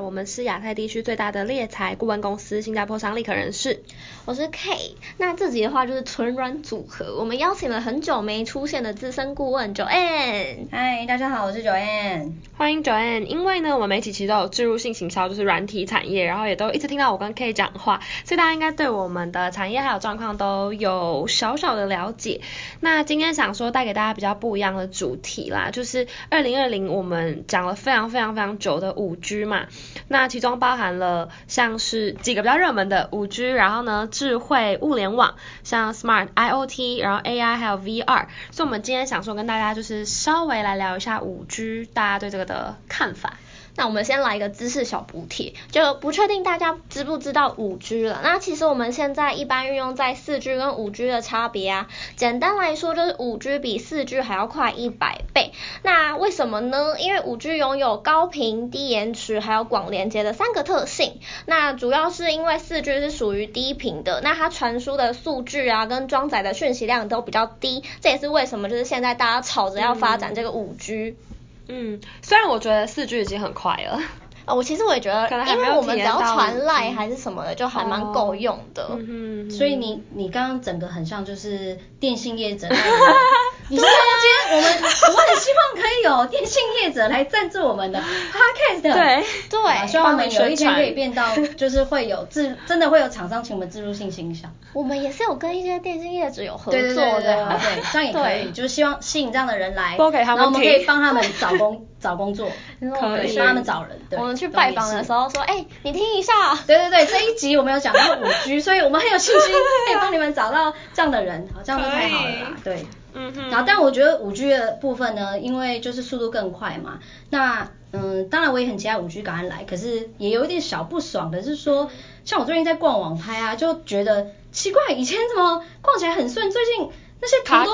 我們是亞太地區最大的獵才顧問公司，新加坡商立可人事。我是 K。那這集的話就是純軟組合，我們邀請了很久沒出現的資深顧問 Joanne。嗨，大家好，我是 Joanne。歡迎 Joanne。因為呢，我們每一期其實都有置入性行銷，就是軟體產業，然後也都一直聽到我跟 K 講話，所以大家應該對我們的產業還有狀況都有小小的了解。那今天想說帶給大家比較不一樣的主題啦，就是二零二零我們講了非常非常非常久的五 G 嘛。那其中包含了像是幾個比較熱門的 5G，然後呢，智慧物聯網，像 Smart IoT，然後 AI 還有 VR，所以我們今天想說跟大家就是稍微來聊一下 5G，大家對這個的看法。那我們先來一個知識小補帖，就不確定大家知不知道五 G 了。那其實我們現在一般運用在四 G 跟五 G 的差別啊，簡單來說就是五 G 比四 G 還要快一百倍。那為什麼呢？因為五 G 擁有高頻、低延遲、還有廣連接的三個特性。那主要是因為四 G 是屬於低頻的，那它傳輸的數據啊，跟裝載的訊息量都比較低，這也是為什麼就是現在大家吵着要發展這個五 G。嗯嗯，雖然我覺得四 G 已經很快了，啊、哦，我其實我也覺得，可能還因為我們只要傳賴還是什麼的，嗯、就還蠻夠用的，嗯、哦，所以你、嗯、你剛剛整個很像就是電信業整個 你說中間，我們我們很希望可以有電信業者來贊助我們的 Podcast 對對、啊，希望我們有一天可以變到就是會有自 真的會有廠商請我們置入性行銷一下。我們也是有跟一些電信業者有合作的，對，這樣也可以，就是希望吸引這樣的人來，那我們可以幫他們找工找工作，可以幫他們找人。對我們去拜訪的時候說，哎、欸，你聽一下。對對對，這一集我們有講到五 G，所以我們很有信心 可以幫你們找到這樣的人，這樣就太好了啦，對。嗯哼，然後但我覺得五 G 的部分呢，因為就是速度更快嘛，那嗯，當然我也很期待五 G 趕快來，可是也有一點小不爽的是說，像我最近在逛網拍啊，就覺得奇怪，以前怎麼逛起來很順，最近那些卡都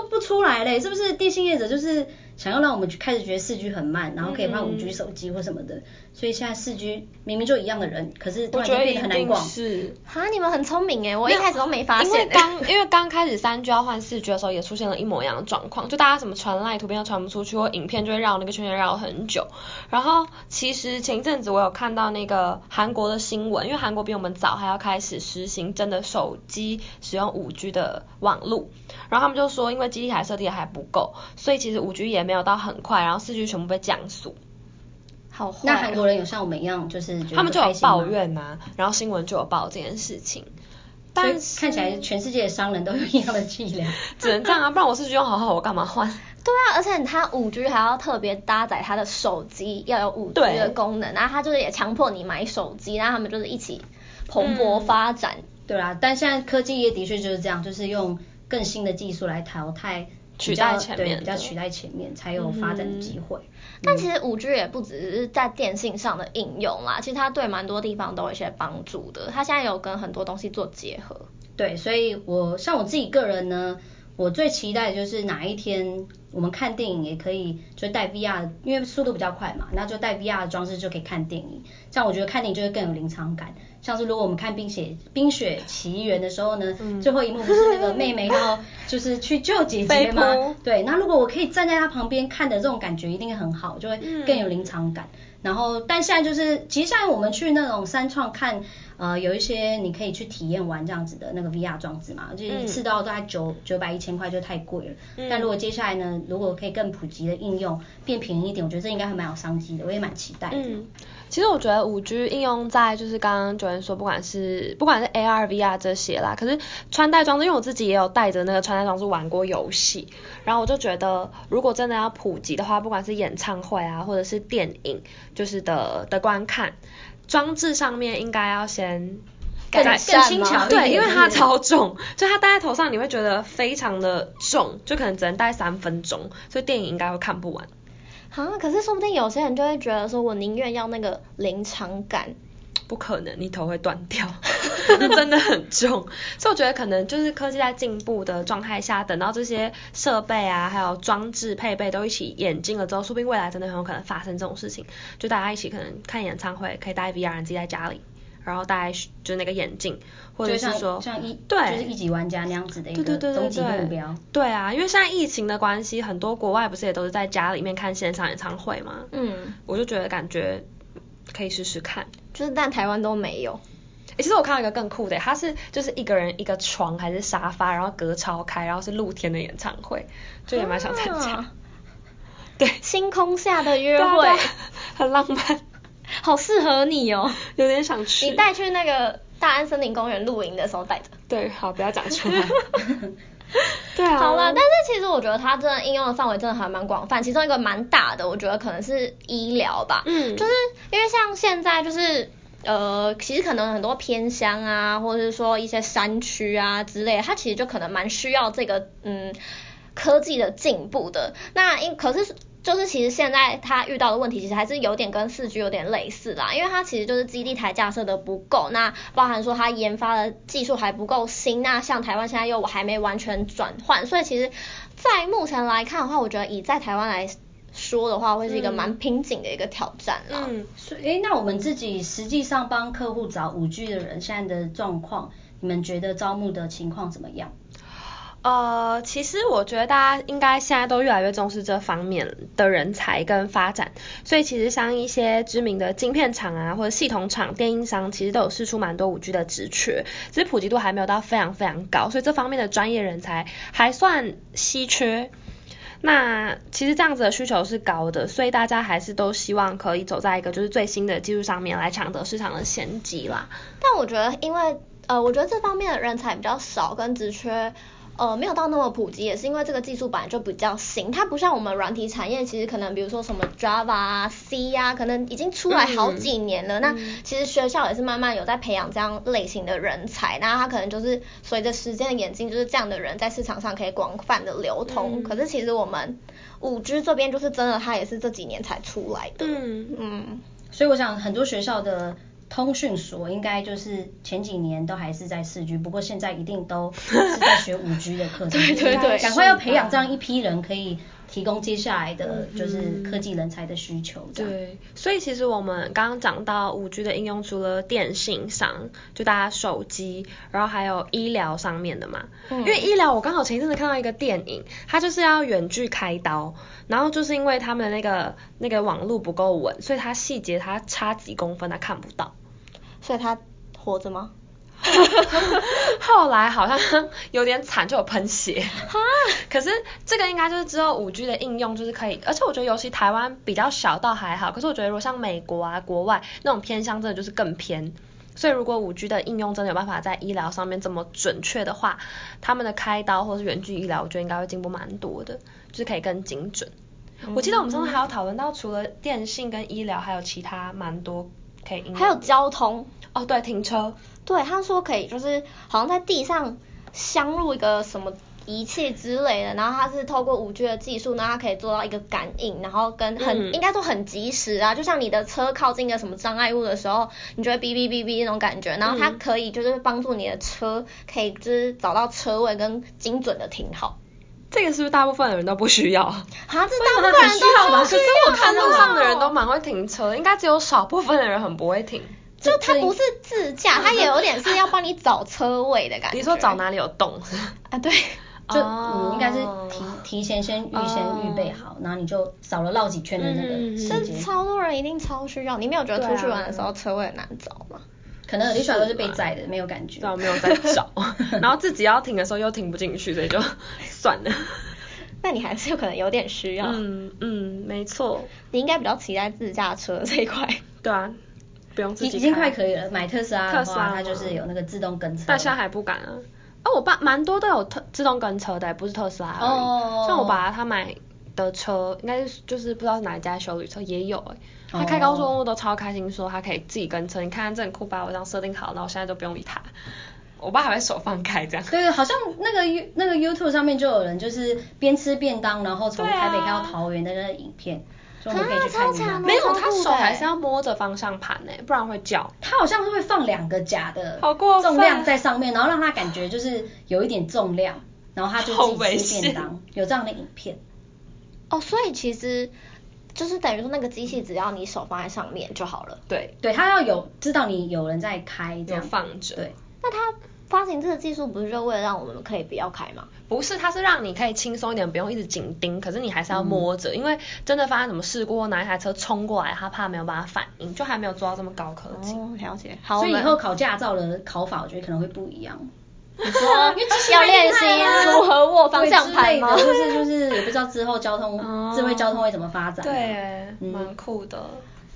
都不出來嘞，是不是電信業者就是？想要讓我們開始覺得四 G 很慢，然後可以換五 G 手機或什麼的，嗯、所以現在四 G 明明就一樣的人，可是突然就變得很難逛。就是哈，你們很聰明哎、欸，我一開始都沒發現、欸。因為剛因為剛開始三 G 要換四 G 的時候，也出現了一模一樣的狀況， 就大家怎麼傳賴圖片都傳不出去，或影片就會繞那個圈圈繞很久。然後其實前陣子我有看到那個韓國的新聞，因為韓國比我們早還要開始實行真的手機使用五 G 的網絡，然後他們就說因為基地台設定還不夠，所以其實五 G 也沒聊到很快，然後四 G 全部被降速。好，那韓國人有像我們一樣，就是覺得他們就有抱怨、啊、然後新聞就有報這件事情。但是看起來全世界的商人都有一樣的伎倆，只能這樣啊， 不然我四 G 用好好，我幹嘛換？對啊，而且他五 G 還要特別搭載他的手機要有五 G 的功能，那他就是也強迫你買手機，那他們就是一起蓬勃發展。嗯、對啊，但現在科技業的確就是這樣，就是用更新的技術來淘汰。取代對，對比較取代前面才有發展機會。嗯，但其實五 G 也不只是在電信上的應用啦，嗯、其實它對蠻多地方都有一些幫助的，它現在有跟很多東西做結合。對，所以我像我自己個人呢，我最期待就是哪一天。我們看電影也可以，就戴 VR，因為速度比較快嘛，那就戴 VR 的裝置就可以看電影，這樣我覺得看電影就會更有臨場感，像是如果我們看冰雪《冰雪奇緣》的時候呢、嗯，最後一幕不是那個妹妹要就是去救姐姐嗎？對，那如果我可以站在她旁邊看的這種感覺一定很好，就會更有臨場感。嗯、然後，但現在就是，其實我們去那種三創看，呃，有一些你可以去體驗完這樣子的那個 VR 裝置嘛，就是一次都要大概九九、嗯、百一千塊就太貴了、嗯。但如果接下來呢？如果可以更普及的應用，變便宜一點，我覺得這應該還蠻有商機的，我也蠻期待。嗯，其實我覺得 5G 應用在就是剛剛主任說，不管是不管是 AR、VR 這些啦，可是穿戴裝置，因為我自己也有帶着那個穿戴裝置玩過遊戲，然後我就覺得，如果真的要普及的話，不管是演唱會啊，或者是電影，就是的的觀看裝置上面應該要先。更輕巧對，因為它超重，所以它戴在頭上你會覺得非常的重，就可能只能戴三分鐘，所以電影應該會看不完。好像、啊、可是說不定有些人就會覺得說我寧願要那個臨場感。不可能，你頭會斷掉，那 真的很重。所以我覺得可能就是科技在進步的狀態下，等到這些設備啊還有裝置配備都一起演進了之後，說不定未來真的很有可能發生這種事情，就大家一起可能看演唱會可以戴 V R 自己在家裡。然後戴就是那個眼鏡，或者是說像，像一，對，就是一級玩家那樣子的一個終極目標，對對對對對。對啊，因為現在疫情的關係，很多國外不是也都是在家裡面看線上演唱會嗎？嗯，我就覺得感覺可以試試看。就是但台灣都沒有。欸，其實我看到一個更酷的，他是就是一個人一個床還是沙發，然後隔超開，然後是露天的演唱會，就也蠻想參加。啊，對，星空下的約會， 啊啊，很浪漫。好適合你哦，有點想去，你帶去那個大安森林公園露營的時候帶的。對，好不要講出來。 對啊。好了，但是其實我覺得它真的應用的範圍真的還蠻廣泛，其中一個蠻大的，我覺得可能是醫療吧。嗯。就是因為像現在就是呃，其實可能很多偏鄉啊，或者是說一些山區啊之類的，它其實就可能蠻需要這個嗯科技的進步的。那因可是。就是其實現在他遇到的問題，其實還是有點跟四 G 有點類似啦，因為他其實就是基地台架設的不夠，那包含說他研發的技術還不夠新，那像台灣現在又還沒完全轉換，所以其實，在目前來看的話，我覺得以在台灣來說的話，會是一個蠻瓶頸的一個挑戰啦。嗯，嗯，所以，哎，那我們自己實際上幫客戶找五 G 的人現在的狀況，你們覺得招募的情況怎麼樣？呃，其實我覺得大家應該現在都越來越重視這方面的人才跟發展，所以其實像一些知名的晶片廠啊，或者系統廠、電信商，其實都有釋出蠻多 5G 的職缺，只是普及度還沒有到非常非常高，所以這方面的專業人才還算稀缺。那其實這樣子的需求是高的，所以大家還是都希望可以走在一個就是最新的技術上面來搶得市場的先機啦。但我覺得，因為呃，我覺得這方面的人才比較少，跟職缺。呃，沒有到那麼普及，也是因為這個技術本來就比較新，它不像我們軟體產業，其實可能比如說什麼 Java 啊、C 啊，可能已經出來好幾年了。嗯、那其實學校也是慢慢有在培養這樣類型的人才，嗯、那它可能就是隨着時間的演進，就是這樣的人在市場上可以廣泛的流通。嗯、可是其實我們五 G 這邊就是真的，它也是這幾年才出來的。嗯嗯。所以我想很多學校的。通訊所應該就是前幾年都還是在四 G，不過現在一定都是在學五 G 的課程。 對對對，趕快要培養這樣一批人，可以提供接下來的就是科技人才的需求。嗯。對，所以其實我們剛剛講到五 G 的應用，除了電信上，就大家手機，然後還有醫療上面的嘛。嗯。因為醫療，我剛好前一陣子看到一個電影，它就是要遠距開刀，然後就是因為他們那個那個網絡不夠穩，所以它細節它差幾公分，它看不到。所以他活着嗎？ 後來好像有點慘，就有噴血。可是這個應該就是之後 5G 的應用，就是可以，而且我覺得尤其台灣比較小，倒還好。可是我覺得如果像美國啊、國外那種偏鄉，真的就是更偏。所以如果 5G 的應用真的有辦法在醫療上面這麼準確的話，他們的開刀或是遠距醫療，我覺得應該會進步蠻多的，就是可以更精準。我記得我們上次還有討論到，除了電信跟醫療，還有其他蠻多。可以，還有交通哦，對停車。對，他說可以，就是好像在地上鑲入一個什麼儀器之類的，然後它是透過 5G 的技術，呢，它可以做到一個感應，然後跟很、嗯、應該說很及時啊，就像你的車靠近一個什麼障礙物的時候，你就會嗶嗶嗶嗶那種感覺，然後它可以就是幫助你的車可以就是找到車位跟精準的停好。這個是不是大部分的人都不需要？好像是大部分人都不需要嗎？為什麼呢？你需要嗎？都不需要。可是我看路上的人都蠻會停車，應該只有少部分的人很不會停。就他不是自駕，他 也有點是要幫你找車位的感覺。 你說找哪裡有洞？啊，對，就你、哦嗯、應該是、嗯、提提前先預先預備好、哦，然後你就少了繞幾圈的那個時間，是、嗯嗯、超多人一定超需要，你沒有覺得出去玩的時候車位很難找嗎？可能你出都是被載的，啊、沒有感覺，到、啊、沒有在找， 然後自己要停的時候又停不進去，所以就算了。 那你還是有可能有點需要，嗯嗯，沒錯，你應該比較期待自駕車這一塊，對啊，不用自己開已經快可以了，買特斯拉特斯拉它就是有那個自動跟車。大家還不敢啊？哦，我爸蠻多都有特自動跟車的，不是特斯拉哦，像、oh. 我爸他，他買。的車應該就是不知道是哪一家休旅車也有，欸、他開高速公路都超開心，說他可以自己跟車。Oh. 你看，這很酷吧？我這樣設定好，然後我現在就不用理他。我爸還會手放開這樣。對，好像那個那個 YouTube 上面就有人就是邊吃便當，然後從台北開到桃園的那個影片，啊、就都可以去看一下，啊。沒有，他手還是要摸着方向盤哎，不然會叫。他好像是會放兩個假的重量在上面，然後讓他感覺就是有一點重量，然後他就自己吃便當，有這樣的影片。哦、oh，所以其實就是等於說，那個機器只要你手放在上面就好了。對，對，它要有知道你有人在開就，這樣放着。對。那它發行這個技術不是就為了讓我們可以不要開嗎？不是，它是讓你可以輕鬆一點，不用一直緊盯，可是你還是要摸着，嗯、因為真的發生什麼事故，哪一台車衝過來，他怕沒有辦法反應，就還沒有做到這麼高科技，哦。了解。好，所以以後考駕照的考法，我覺得可能會不一樣。你說、啊、 要練習。 和握方向盤嗎、就是？就是就是，也不知道之後交通、 哦、智慧交通會怎麼發展。對，蠻、嗯、酷的。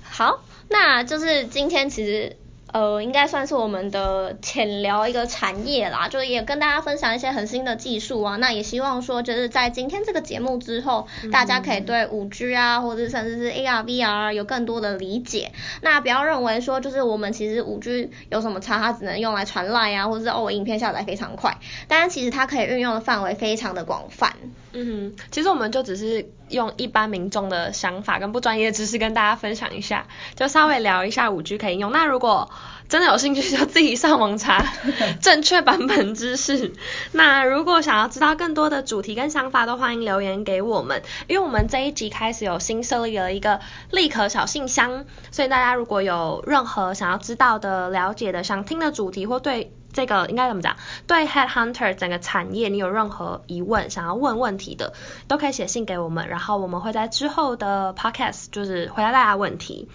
好，那就是今天其實。呃，應該算是我們的淺聊一個產業啦，就也跟大家分享一些很新的技術啊。那也希望說，就是在今天這個節目之後，嗯，大家可以對 5G 啊，或者甚至是 AR、VR 有更多的理解。那不要認為說，就是我們其實 5G 有什麼差，它只能用來傳 Line 啊，或者是哦，我影片下載非常快。當然，其實它可以運用的範圍非常的廣泛。嗯哼，其實我們就只是用一般民眾的想法跟不專業知識跟大家分享一下，就稍微聊一下 5G 可以用。那如果真的有興趣，就自己上網查 正確版本知識。那如果想要知道更多的主題跟想法，都歡迎留言給我們，因為我們這一集開始有新設立了一個立可小信箱，所以大家如果有任何想要知道的、了解的、想聽的主題或對，這個應該怎麼講？對 headhunter 整個產業，你有任何疑問想要問問題的，都可以寫信給我們，然後我們會在之後的 podcast 就是回答大家問題。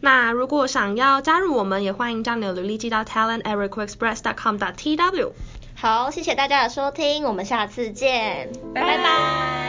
那如果想要加入我們，也歡迎將你的履歷寄到 talent@recruitexpress.com.tw。好，謝謝大家的收聽，我們下次見，拜拜。拜拜